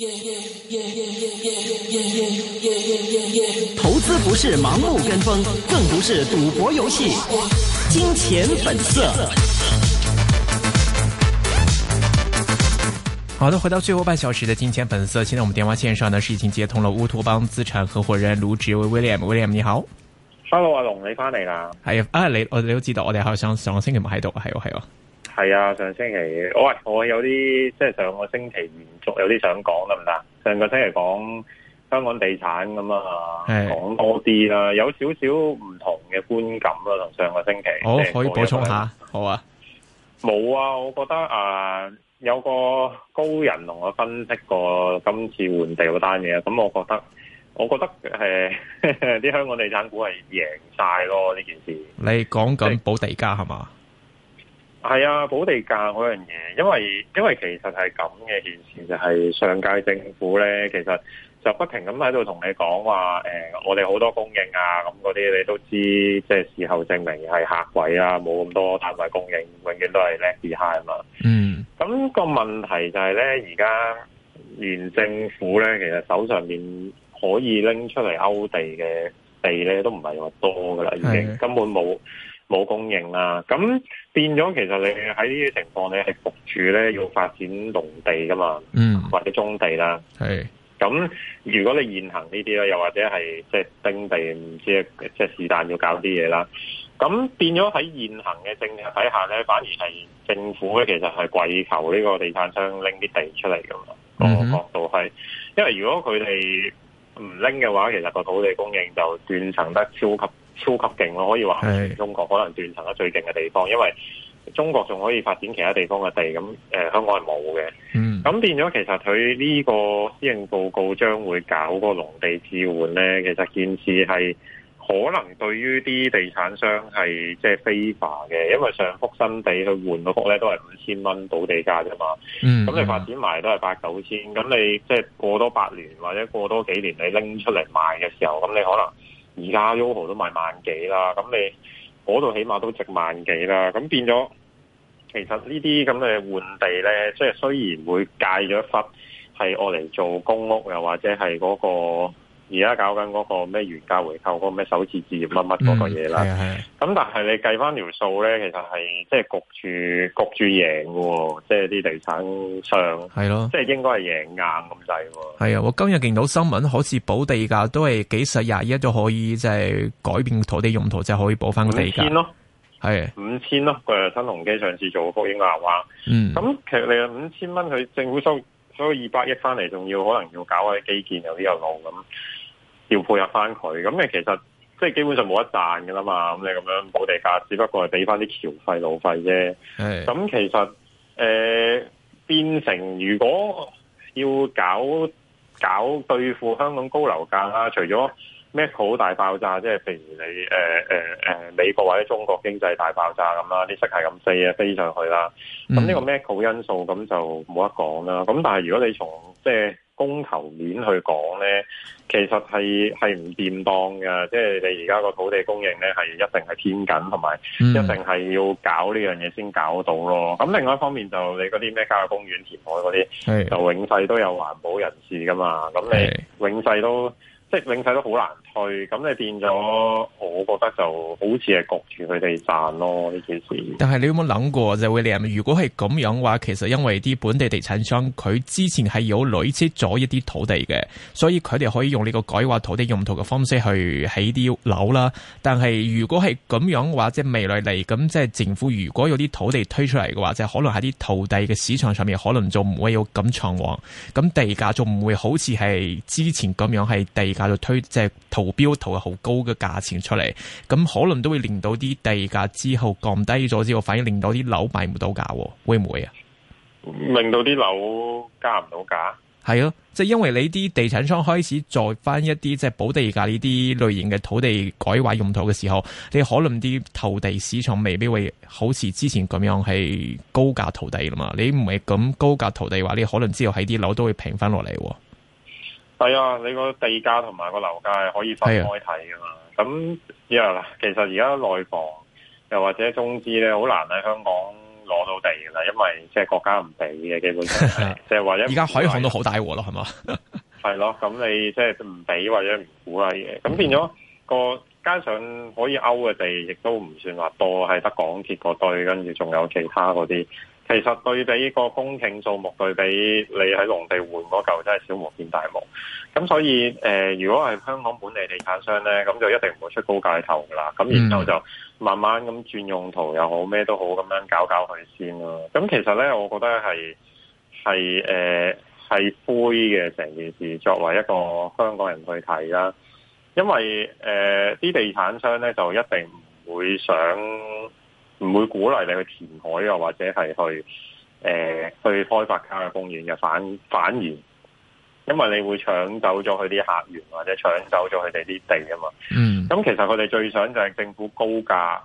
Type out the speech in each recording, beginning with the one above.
Yeah, yeah, yeah, yeah, yeah, yeah, yeah, yeah, 投資不是盲目跟風，更不是賭博遊戲。金錢本色。好的，回到最後半小時的金錢本色。現在我們電話線上呢是已經接通了烏托邦資產合伙人盧志威 William，William 你好。Hello 阿龍，你翻嚟啦？係啊，你我都、啊、知道我哋好像想重新去買到啊，還有還有，有係啊，上星期，我喂，我有啲即係上個星期延續有啲想講，得唔得？上個星期講香港地產咁啊，講多啲啦，有少少唔同嘅觀感啦同上個星期。好、哦嗯，可以補充下、嗯。好啊，冇啊，我覺得啊，有個高人同我分析過今次換地嗰單嘢啊，咁、嗯、我覺得，我覺得誒、啲、嗯、 香港地產股係贏晒咯，呢件事。你講緊保地價係嘛？係啊，保地價嗰樣嘢，因為因為其實係咁嘅件事就係、是、上屆政府咧，其實就不停咁喺度同你講話，誒、欸，我哋好多供應啊，咁嗰啲你都知道，即、就、係、是、事後證明係客位啊，冇咁多單位供應，永遠都係咧市限嘛。嗯。咁、那個問題就係咧，而家現政府咧，其實手上面可以拎出嚟勾地嘅地咧，都唔係話多噶啦，已經根本冇。冇供應啦，咁變咗其實你喺呢啲情況，你係焗住咧要發展農地噶嘛，嗯，或者棕地啦，咁如果你現行呢啲咧，又或者係即係徵地唔知即係、就是但要搞啲嘢啦，咁變咗喺現行嘅政制底下咧，反而係政府咧其實係跪求呢個地產商拎啲地出嚟噶嘛，那個角度係、嗯嗯，因為如果佢哋唔拎嘅話，其實個土地供應就斷層得超級。超級勁咯，可以話係中國可能斷層得最勁嘅地方，因為中國仲可以發展其他地方嘅地，咁誒、呃、香港係冇嘅。嗯，咁變咗其實佢呢個施政報告將會搞個農地置換咧，其實件事係可能對於啲地產商係即係非法嘅，因為上幅新地去換嗰幅咧都係五千蚊保地價啫嘛。嗯，咁你發展埋都係八九千，咁你即係過多八年或者過多幾年你拎出嚟賣嘅時候，咁你可能。而家 Yoho 都賣萬幾啦，咁你嗰度起碼都值萬幾啦，咁變咗其實呢啲咁嘅換地呢，即係雖然會戒咗一忽，係我嚟做公屋又或者係嗰個。而家搞緊嗰個咩原價回購嗰個咩首次置業乜乜嗰個嘢啦。咁、嗯啊啊、但係你計翻條數咧，其實係即係焗住焗住贏嘅，即係啲地產商係咯，即係應該係贏硬咁滯喎。係啊，我今日見到新聞，好似補地價都係幾十廿億都可以，即係改變土地用途即係、可以補翻地價五千咯、喔、係、啊、五千咯、喔。誒，新鴻基上次做福興樓花，嗯，咁其實你五千蚊，佢政府收收二百億翻嚟，仲要可能要搞下啲基建有啲又路咁。要配合翻佢，咁你其實即係基本上冇得賺嘅啦嘛。咁你咁樣補地價，只不過係俾翻啲橋費路費啫。咁其實誒、呃，變成如果要搞搞對付香港高樓價啦，除咗 macro 大爆炸，即係譬如你誒誒誒美國或者中國經濟大爆炸咁啦，啲息係咁飛啊飛上去啦。咁、嗯、呢個 macro 因素咁就冇得講啦。咁但係如果你從即係，就是供求面去講咧，其實係係唔掂當嘅，即係你而家個土地供應咧係一定係偏緊，同埋一定係要搞呢樣嘢先搞到咯。咁另外一方面就你嗰啲咩郊野公園填海嗰啲，就永世都有環保人士噶嘛，咁你永世都。即係整體都好難退，咁你變咗，我覺得就好似係焗住佢哋賺咯呢件事。但係你有冇諗過就會令？如果係咁樣嘅話，其實因為啲本地地產商佢之前係有累積咗一啲土地嘅，所以佢哋可以用呢個改劃土地用途嘅方式去起啲樓啦。但係如果係咁樣嘅話，即係未來嚟咁，即係政府如果有啲土地推出嚟嘅話，係、即係、可能喺啲土地嘅市場上面可能就唔會有咁暢旺，咁地價就唔會好似係之前咁樣係地價。繼續推，即係投標投好高嘅價錢出嚟，咁可能都會令到啲地價之後降低咗之後，反而令到啲樓賣唔到價，會唔會啊？令到啲樓加唔到價，係咯，即係因為你啲地產商開始再翻一啲即係補地價呢啲類型嘅土地改劃用途嘅時候，你可能啲土地市場未必會好似之前咁樣係高價土地嘛。你唔係咁高價土地話，你可能之後喺啲樓都會平翻落嚟。係啊，你個地價同埋個樓價係可以分開睇噶嘛？咁之後啦，其實而家內房又或者中資咧，好難喺香港攞到地噶啦，因為即係國家唔俾嘅，基本上即係 或者而家海航都好大鑊咯，係 嘛？係咯，咁你即係唔俾或者唔鼓勵嘅，咁 變咗個加上可以勾嘅地，亦都唔算話多，係得港鐵嗰堆，跟住仲有其他嗰啲。其實對比個公頃數目對比，你喺農地換嗰嚿真係小巫見大巫，咁所以誒、呃，如果係香港本地地產商咧，咁就一定唔會出高價頭噶啦，咁然後就慢慢咁轉用途又好咩都好，咁樣搞搞佢先咯。咁其實咧，我覺得係係誒係灰嘅成件事，作為一個香港人去睇啦，因為誒啲、呃、地產商咧就一定唔會想。唔會鼓勵你去填海又或者係去誒、呃、去開發郊野公園嘅，反反而，因為你會搶走咗佢啲客源或者搶走咗佢哋啲地啊嘛。嗯，咁其實佢哋最想就係政府高價。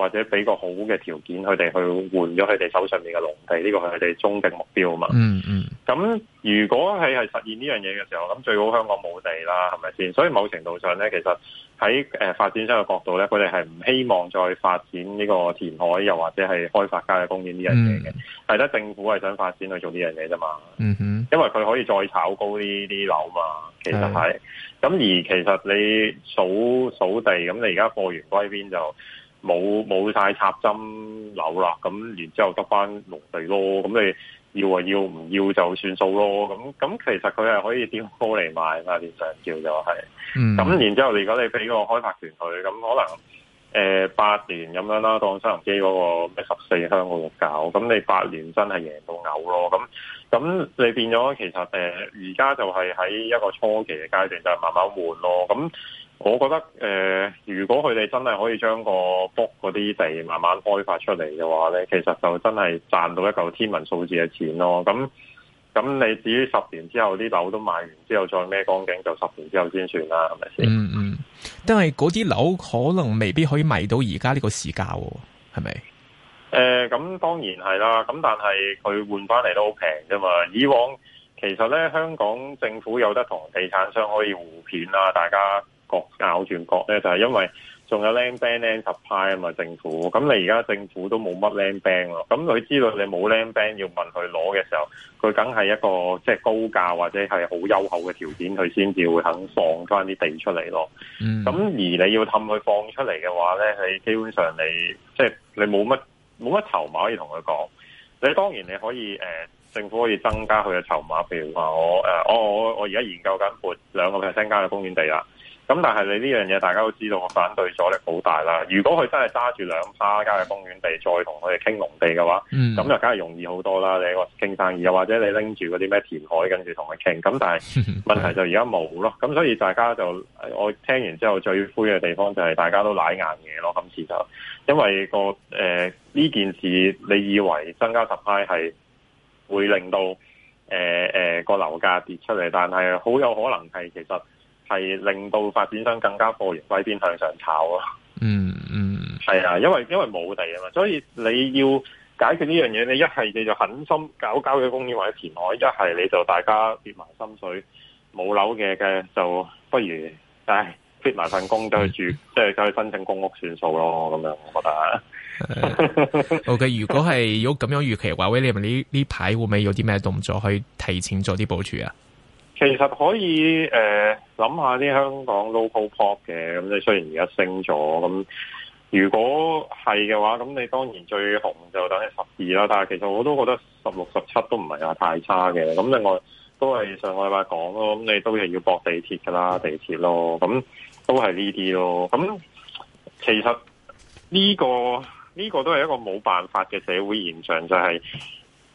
或者俾個好嘅條件，佢哋去換咗佢哋手上面嘅農地，呢個係佢哋終極目標啊嘛。嗯嗯。咁如果係係實現呢樣嘢嘅時候，咁最好香港冇地啦，係咪先？所以某程度上咧，其實喺誒發展商嘅角度咧，佢哋係唔希望再發展呢個填海，又或者係開發家嘅公園呢樣嘢嘅。係、嗯、得政府係想發展去做呢樣嘢啫嘛。嗯嗯。因為佢可以再炒高呢啲樓嘛。其實係。咁、嗯、而其實你數數地，咁你而家過完歸邊就。冇冇曬插針樓啦，咁然之後得翻農地咯，咁你要啊，要唔要就算數咯，咁，咁其實佢係可以點高嚟賣啊？連上照就係、是，咁、嗯、然之後如果你俾個開發權佢，咁可能誒八、呃、年咁樣啦，當收行機嗰個咩十四香港教咁你八年真係贏到牛咯，咁，咁你變咗其實而家就係喺一個初期嘅階段，就係、是、慢慢換咯，咁。我覺得誒、呃，如果佢哋真係可以將個 book 嗰啲地慢慢開發出嚟嘅話咧，其實就真係賺到一嚿天文數字嘅錢咯。咁咁你至於十年之後啲樓都賣完之後再咩光景，就十年之後先算啦，係咪先？嗯嗯，因為嗰啲樓可能未必可以賣到而家呢個市價喎，係咪？誒、呃，咁、嗯、當然係啦、啊。咁但係佢換翻嚟都好平㗎嘛。以往其實咧，香港政府有得同地產商可以互片啦、啊，大家。國咬全國咧，就係、是、因為仲有 land band、咧，supply 啊嘛政府。咁你而家政府都冇乜 land band 咯。咁佢知道你冇 land band 要問佢攞嘅時候，佢梗係一個即係、就是、高價或者係好優厚嘅條件，佢先至會肯放翻啲地出嚟咯。咁而你要氹佢放出嚟嘅話咧，係基本上你即係、就是、你冇乜冇乜籌碼可以同佢講。你當然你可以、呃、政府可以增加佢嘅籌碼，譬如話我、呃、我我我而家研究緊撥兩個 percent 加嘅公園地啦。咁但係你呢樣嘢，大家都知道，我反對阻力好大啦。如果佢真係揸住兩花加嘅公園地，再同佢哋傾農地嘅話，咁、嗯、就梗係容易好多啦。你我傾生意，又或者你拎住嗰啲咩填海跟跟，跟住同佢傾。咁但係問題就而家冇咯。咁 所以大家就我聽完之後最灰嘅地方就係大家都奶硬嘢咯。今次就因為個呢、呃、件事，你以為增加十派係會令到誒誒、呃呃、個樓價跌出嚟，但係好有可能係其實。係令到發展商更加貨源歸邊，向上炒咯。嗯嗯，係啊，因為因為冇地啊嘛，所以你要解決呢樣嘢，你一係你就狠心搞搞郊野公園或者填海，一係你就大家跌埋心水，冇樓嘅嘅就不如唉撇埋份工就去住，即、嗯、係就去申請公屋算數咯。咁樣我覺得。嗯、 o、okay, K. 如果係如果咁樣預期話，William 呢邊呢呢排會唔會有啲咩動作去提前做啲部署啊？其實可以誒諗、呃、下啲香港 local prop 嘅，咁你係雖然而家升咗，咁如果係嘅話，咁你當然最紅就等於十二啦。但係其實我都覺得十六十七都唔係話太差嘅。咁另外都係上個禮拜講咯，咁你都係要博地鐵噶啦，地鐵咯，咁都係呢啲咯。咁其實呢、這個呢、這個都係一個冇辦法嘅社會現象，就係、是。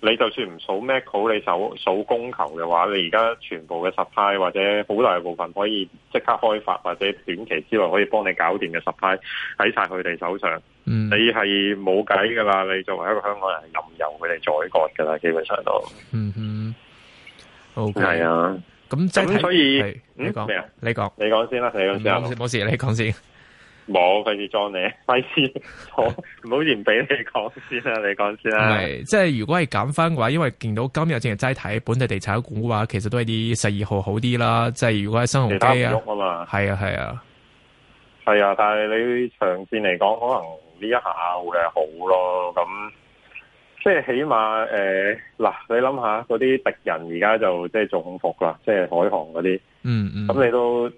你就算唔數咩好，你手數供求嘅話，你而家全部嘅十派或者好大部分可以即刻開發或者短期之內可以幫你搞掂嘅十派喺晒佢哋手上，嗯、你係冇計噶啦！你作為一個香港人，任由佢哋宰割噶啦，基本上都。嗯哼，好、Okay. 係啊，咁即所以你講咩啊？你講你講先啦，你講，冇、嗯、事，事，你講先。冇，費事裝你，費事，好唔好？唔俾你講先啦，你先講先啦。係 即係如果係減翻嘅話，因為見到今日淨係齋睇本地地產股嘅話，其實都係啲十二號好啲啦。即係如果喺新鴻基啊，其他唔喐啊嘛。係啊係啊，係啊，啊。但係你長線嚟講，可能呢一下會係好咯。咁即係起碼誒嗱、呃，你諗下嗰啲敵人而家就即係做空伏啦，即係海航嗰啲。嗯嗯。咁你都。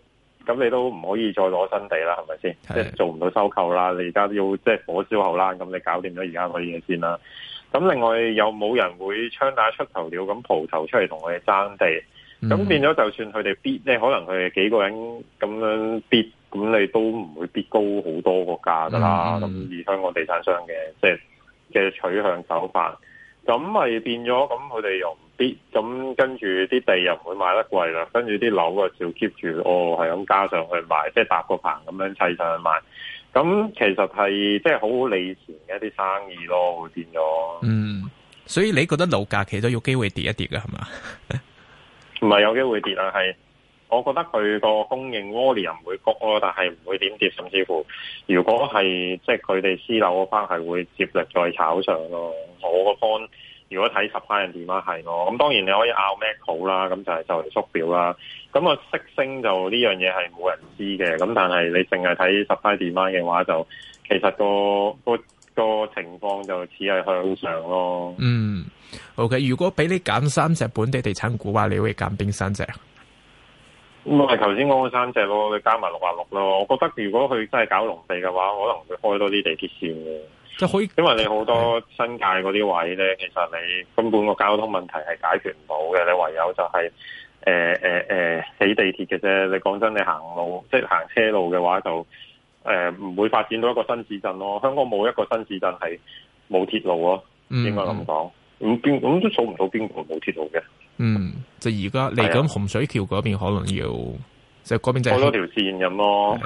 咁你都唔可以再攞新地啦，係咪先？即係做唔到收購啦。你而家要即係火燒後啦，咁你搞掂咗而家可以嘢先啦。咁另外又冇人會槍打出頭料咁蒲頭出嚟同我哋爭地，咁、嗯、變咗就算佢哋必，即 d 可能佢哋幾個人咁樣必，咁你都唔會必高好多國價㗎啦。咁、嗯、以香港地產商嘅即係嘅取向手法，咁咪變咗咁佢哋又。啲咁跟住啲地又唔會賣得貴啦，跟住啲樓就少 keep 住哦，係咁加上去賣，即係搭個棚咁樣砌上去賣。咁其實係即係好好利錢嘅一啲生意咯，會變咗。嗯，所以你覺得樓價其實有機會跌一跌㗎，係嘛？唔 係有機會跌啊，係我覺得佢個供應 volume 唔會谷咯，但係唔會點跌，甚至乎如果係即係佢哋私樓嗰班係會接力再炒上咯，我個方。如果睇 supply demand 係我，咁當然你可以拗咩好啦，咁就係就係縮表啦。咁啊，息升就呢樣嘢係冇人知嘅。咁但係你淨係睇 supply demand 嘅話，就其實個個，個情況就只係向上咯。嗯，OK。如果俾你揀三隻本地地產股話你會揀邊三隻？唔係頭先講嘅三隻咯，你加埋六啊六咯。我覺得如果佢真係搞農地嘅話，可能會多開多啲地鐵線嘅。可以，因為你好多新界嗰啲位咧，其實你根本個交通問題係解決唔到嘅，你唯有就係誒誒誒，起地鐵嘅啫。你講真，你行路即係行車路嘅話就，就誒唔會發展到一個新市鎮咯。香港冇一個新市鎮係冇鐵路咯，應該咁講。咁邊咁都數唔到邊個冇鐵路嘅。嗯，就而家嚟緊洪水橋嗰邊可能要，是那邊就嗰邊就好多條線咁咯。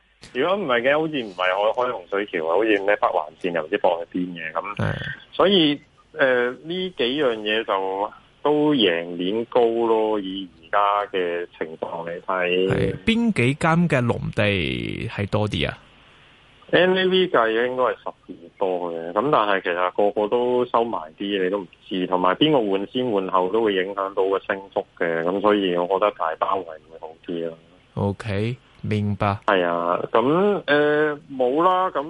如果唔係嘅，好似唔係開開洪水橋啊，好似咩北環線又唔知駁去邊嘅咁，所以誒呢、呃、幾樣嘢就都贏面高咯。以而家嘅情況嚟睇，邊幾間嘅農地係多啲啊？N A V 計應該係十年多嘅，咁但係其實個個都收埋啲，你都唔知。同埋邊個換先換後都會影響到個升幅嘅，咁所以我覺得大包圍會好啲咯。O K。明白，係啊，咁誒冇啦，咁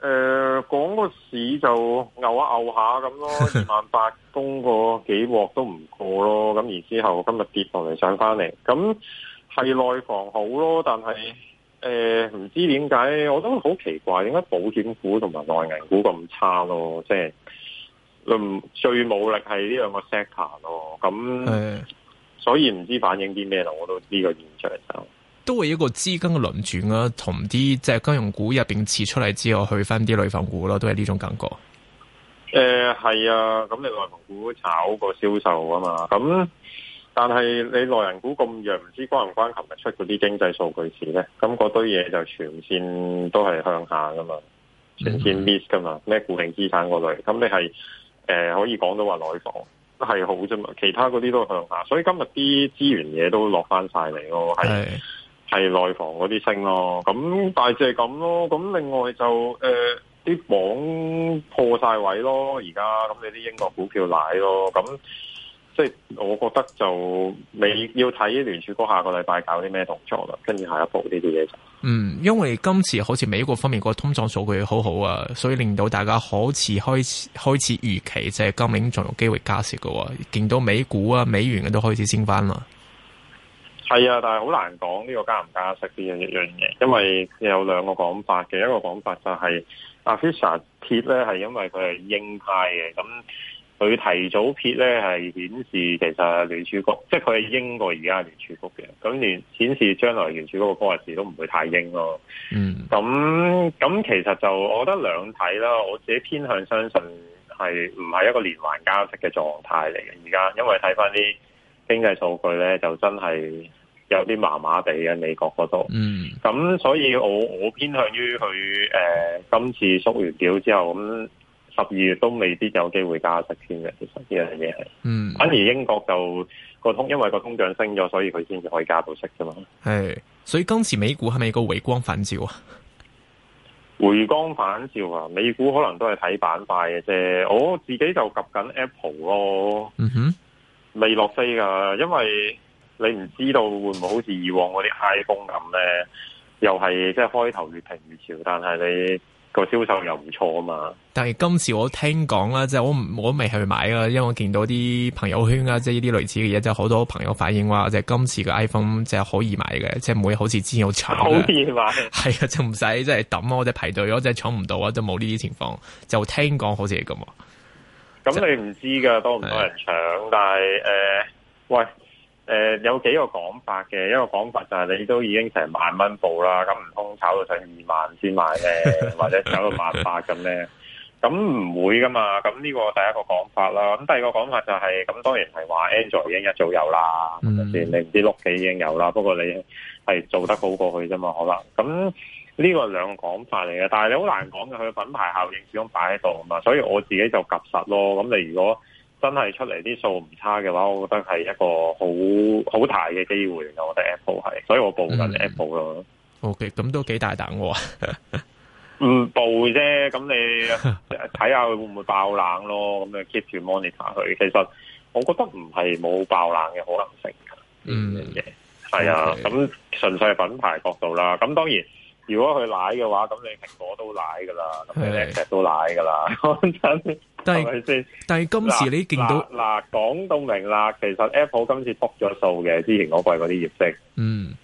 誒講個市就牛下牛下咁咯，二萬八攻個幾鑊都唔過咯，咁然之後今日跌落嚟上翻嚟，咁係內房好咯，但係誒唔知點解，我都好奇怪，點解保險股同埋內銀股咁差咯，即係最冇力係呢兩個 sector 咯，咁所以唔知反映啲咩咯，我都知呢個現象就。都係一個資金嘅輪轉啦，同啲即係金融股入邊撤出嚟之後，去翻啲內房股咯，都係呢種感覺。誒、呃，係啊，咁你內房股炒個銷售啊嘛，咁但係你內銀股咁弱，唔知關唔關琴日出嗰啲經濟數據事咧？咁嗰堆嘢就全線都係向下噶嘛，全線 miss 噶嘛，咩固定資產嗰類，咁你係誒、呃、可以講到話內房係好啫嘛，其他嗰啲都向下，所以今日啲資源嘢都落翻晒嚟咯，係。係內房嗰啲升咯，咁大致係咁咯。咁另外就誒啲網破晒位咯，而家咁你啲英國股票奶咯。咁即係我覺得就未要睇聯儲局下個禮拜搞啲咩動作啦。跟住下一步呢啲嘢。嗯，因為今次好似美國方面個通脹數據好好啊，所以令到大家好似開始開始預期即係、就是、今年仲有機會加息噶。見到美股啊、美元啊都開始升翻啦。係啊，但係好難講呢個加唔加息啲樣一樣嘢，因為有兩個講法嘅。一個講法就係阿菲 a 撇咧係因為佢係英派嘅，咁佢提早撇咧係顯示其實聯儲局，即係佢係英過而家聯儲局嘅。咁聯顯示將來聯儲局個波勢都唔會太英咯。嗯，咁咁其實就我覺得兩睇啦，我自己偏向相信係唔係一個連環加息嘅狀態嚟嘅而家，因為睇翻啲經濟數據咧就真係。有啲麻麻地嘅美國嗰度，咁、嗯、所以我我偏向於佢，誒、呃，今次縮完表之後咁十二月都未必有機會加息先嘅，其實呢樣嘢係，反而英國就個通因為個通脹升咗，所以佢先至可以加到息啫嘛。係，所以今次美股係咪個回光返照啊？回光返照啊，美股可能都係睇板塊嘅啫，我、哦、自己就及緊 Apple 咯，嗯、哼未落飛噶，因為。你唔知道會唔會好似以往嗰啲 iPhone 咁咧，又係即係開頭越平越潮，但係你個銷售又唔錯啊嘛？但係今次我聽講啦，即係我我未去買㗎，因為我見到啲朋友圈啊，即係呢啲類似嘅嘢，即係好多朋友反映話，即係今次嘅 iPhone 即係可以買嘅，即係唔會好似之前好搶。好易買係 啊，就唔使即係抌啊，或者排隊，或者搶唔到啊，就冇呢啲情況。就聽講好似咁啊。咁你唔知噶，多唔多人搶？但係，呃，喂。誒、呃，有幾個講法嘅，一個講法就係你都已經成萬蚊部啦，咁唔通炒到上二萬先買咧，或者炒到八百咁咧？咁唔會噶嘛？咁呢個第一個講法啦。咁第二個講法就係、是，咁當然係話 Android 已經一早有啦，先、嗯，你唔知 l o、嗯、已經有啦。不過你係做得好過去啫嘛，好啦。咁呢個兩個講法嚟嘅，但係你好難講嘅，佢品牌效應始終擺喺度啊嘛。所以我自己就及實咯。咁你如果，真係出嚟啲數唔差嘅話，我覺得係一個好好大嘅機會的。我哋 Apple 係，所以我報緊、嗯、Apple 咯。OK，咁都幾大膽喎、哦。唔 報啫，咁你睇下 會唔會爆冷咯？咁你 keep 住 monitor 佢。其實我覺得唔係冇爆冷嘅可能性嗯，係啊。咁純粹係品牌角度啦。咁當然，如果佢奶嘅話，咁你蘋果都奶噶啦，咁你 Apple 都奶噶啦。真。 係咪先？但係今次你見到嗱，講、啊、到、啊啊、明啦，其實 Apple 今次 book 咗數嘅，之前嗰季嗰啲業績，嗯，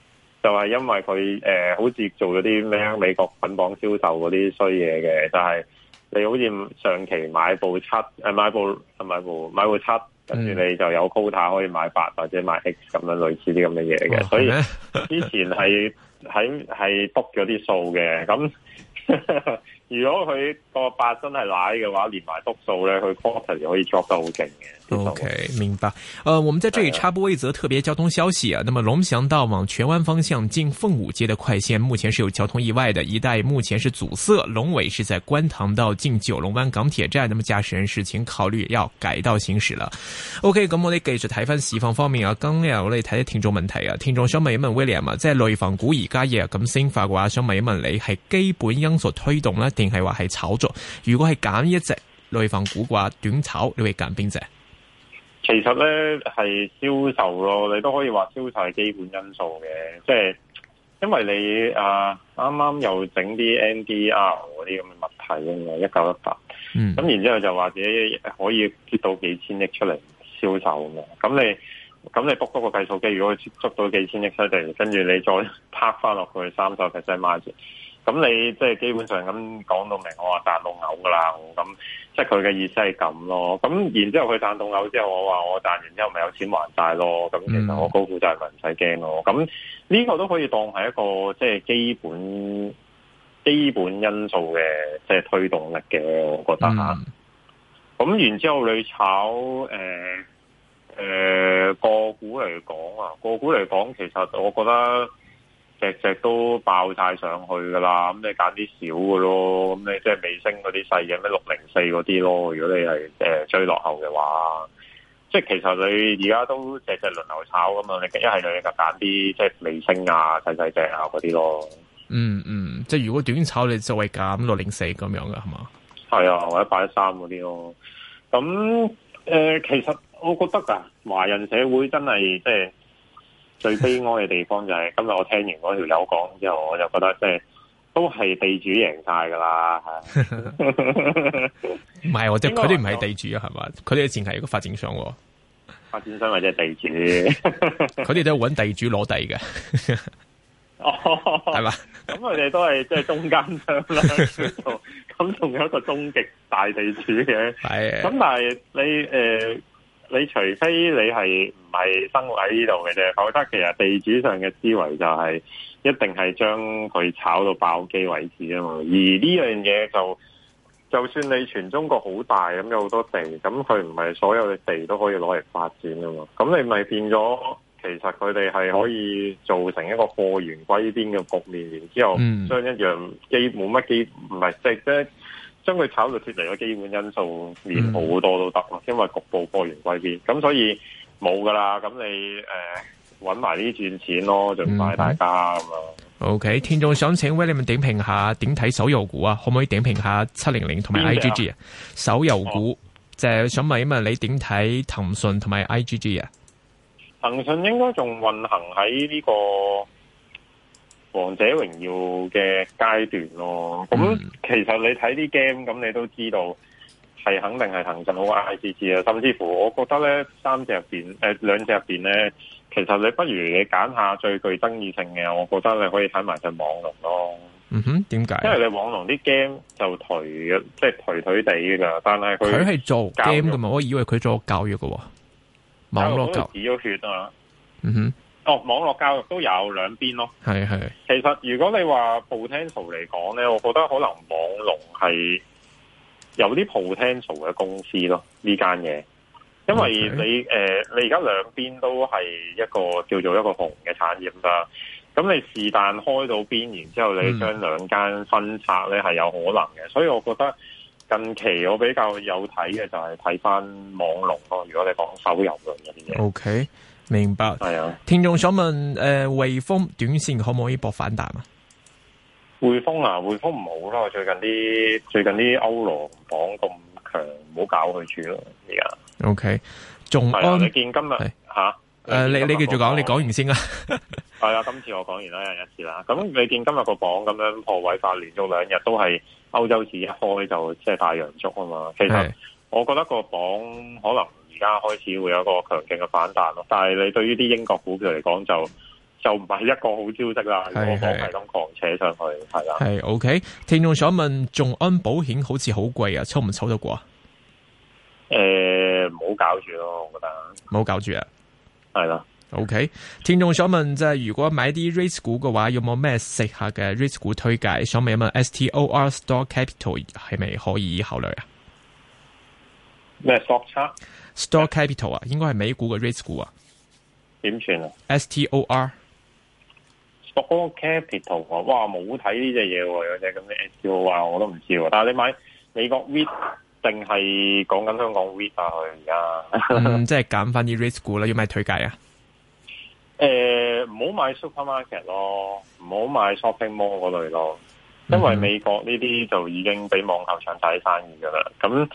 就係、是、因為佢誒、呃，好似做咗啲咩美國捆綁銷售嗰啲衰嘢嘅，就係你好似上期買部七，誒、啊，買部，買部，買部，買部七，跟、嗯、住你就有 quota 可以買八或者買 X 咁樣類似啲咁嘅嘢嘅，所以之前係喺係 book 咗啲數嘅，咁。 如果佢個八真係奶嘅話，連埋篤數咧，佢 quarter 可以作得好勁嘅。O、okay, K，明白。呃，我們在這裏插播一則特別交通消息啊。哎、那麼龍翔道往荃灣方向近鳳舞街的快線目前是有交通意外的一帶，目前是阻塞。龍尾是在觀塘道近九龍灣港鐵站，那麼駕駛人士請考慮要改道行駛了。O K，咁我哋繼續睇翻市況方面啊。今日我哋睇啲聽眾問題啊，聽眾想問一問威廉 l l 啊，即係內房股而家日日咁升化嘅話，想問一問你係基本因素推動咧，定係話係炒作？如果係揀一隻內房股嘅話，短炒你會揀邊隻？其實咧係銷售咯，你都可以話銷售係基本因素嘅，即係因為你啊啱啱又整啲 NDR 嗰啲咁嘅問題啊嘛，一九一八，嗯，咁然之後就話自己可以跌到幾千億出嚟銷售啊嘛，咁你咁你 book 多個計數機，如果接觸到幾千億出嚟，跟住你再拍翻落去三十 percent margin。咁你即係基本上咁講到明，我話賺到牛噶啦，咁即係佢嘅意思係咁咯。咁然之後佢賺到牛之後，我話我賺完之後咪有錢還債咯。咁其實我高負債咪唔使驚咯。咁呢個都可以當係一個即係基本基本因素嘅即係推動力嘅，我覺得吓咁、嗯、然之後你炒誒誒個股嚟講啊，個股嚟講其實我覺得。隻隻都爆晒上去噶啦，咁你揀啲少嘅咯，咁你即係微升嗰啲細嘢，咩六零四嗰啲咯。如果你係追落後嘅話，即係其實你而家都隻隻輪流炒㗎嘛。你一係你揀啲即係微升啊、細細隻啊嗰啲咯。嗯嗯，即係如果短炒你就會揀六零四咁樣㗎，係嘛？係啊，或者八一三嗰啲咯。咁、呃、其實我覺得啊，華人社會真係即係。最悲哀嘅地方就係、是，今日我聽完嗰條友講之後，我就覺得即係都係地主贏晒噶啦，唔 係， 即係佢哋唔係地主啊，係嘛？佢哋嘅錢係一個發展商，發展商或者地主，佢 哋都係搵地主攞地嘅，哦、 oh，係嘛？咁佢哋都係即係中間商啦，咁 仲 有一個終極大地主嘅，係， 咁但係你誒。你除非你係唔係生活喺呢度嘅啫，否則其實地主上嘅思維就係一定係將佢炒到爆基為止啊嘛。而呢樣嘢就，就算你全中國好大咁有好多地，咁佢唔係所有嘅地都可以攞嚟發展噶嘛。咁你咪變咗，其實佢哋係可以造成一個貨源歸邊嘅局面，然之後將一樣基冇乜基唔係即係。將佢炒到脫離嘅基本因素，連好多都得咯、嗯，因為局部波源歸邊，咁所以冇噶啦。咁你誒揾埋呢段錢咯，就賣大家咁咯。O K，聽眾想請 William 點評下點睇手遊股啊？可唔可以點評下七零零同埋 I G G 啊？手遊股，哦、就係、是、想問啊嘛，你點睇騰訊同埋 I G G 啊？騰訊應該仲運行喺呢、這個。王者榮耀嘅階段咯，咁、嗯、其實你睇啲 game，咁你都知道係肯定係騰訊好 I C C 啊，甚至乎我覺得咧三隻入邊誒兩隻入邊咧，其實你不如你揀下最具爭議性嘅，我覺得你可以睇埋隻網龍咯。嗯哼，點解？因為你網龍啲 game 就頹即係頹頹地噶，但係佢佢係做 game 噶嘛，我以為佢做教育噶。網絡就止咗血啊嘛！嗯哼。哦，網絡教育都有兩邊咯，係係。其實如果你話 potential 嚟講咧，我覺得可能網龍係有啲 potential 嘅公司咯，呢間嘢。因為你誒、okay? 呃，你而家兩邊都係一個叫做一個紅嘅產業啦。咁你是但開到邊，然之後你將兩間分拆咧係有可能嘅。嗯、所以，我覺得近期我比較有睇嘅就係睇翻網龍咯。如果你講手遊類嗰啲嘢，OK。明白，係啊！聽眾想問，誒、呃，匯豐短線可唔可以搏反彈啊？匯豐啊，匯豐唔好咯，最近啲最近啲歐羅榜咁強，唔好搞佢住咯。而家 OK，仲係、啊、你見今日吓，誒、啊啊，你你繼續講，你講完先啦。係啊，今次我講完啦，有一次啦。咁 你見今日個榜咁樣破位法，連續兩日都係歐洲市一開就即係大陽燭啊嘛。其實我覺得個榜可能。而家開始會有一個強勁嘅反彈咯，但係你對於啲英國股票嚟講就就唔係一個好招式啦，個波係咁狂扯上去，係啦。係，OK。聽眾想問，眾安保險好似好貴啊，抽唔抽得過啊？誒、欸，唔好搞住咯，我覺得唔好搞住啊，係啦。OK。聽眾想問，就係如果買啲 r 瑞斯股嘅話，有冇咩食下嘅 r 瑞斯股推介？想問一問 STOR Store Capital 係咪可以考慮啊？咩？索差？Store Capital 啊，應該係美股嘅 REIT 股啊，點算啊？S T O R Store Capital 啊，哇，冇睇呢隻嘢喎，有隻咁嘅 S T O 啊，我都唔知喎，啊。但係你買美國 REIT 定係講緊香港 REIT 啊？佢而家即係揀返啲 REIT 股啦，有咩推介啊？誒、 呃，唔好買 supermarket 咯，唔好買 shopping mall 嗰類咯，因為美國呢啲就已經俾網購搶晒啲生意噶啦，咁，嗯。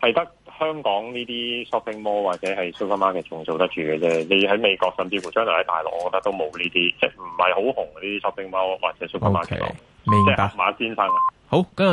係得香港呢啲 shopping mall 或者係 supermarket 仲做得住嘅啫，你喺美國甚至乎將來喺大陸我覺得都冇呢啲，即係唔係好紅呢啲 shopping mall 或者 supermarket 咯，okay，明白，即係馬先生啊，好，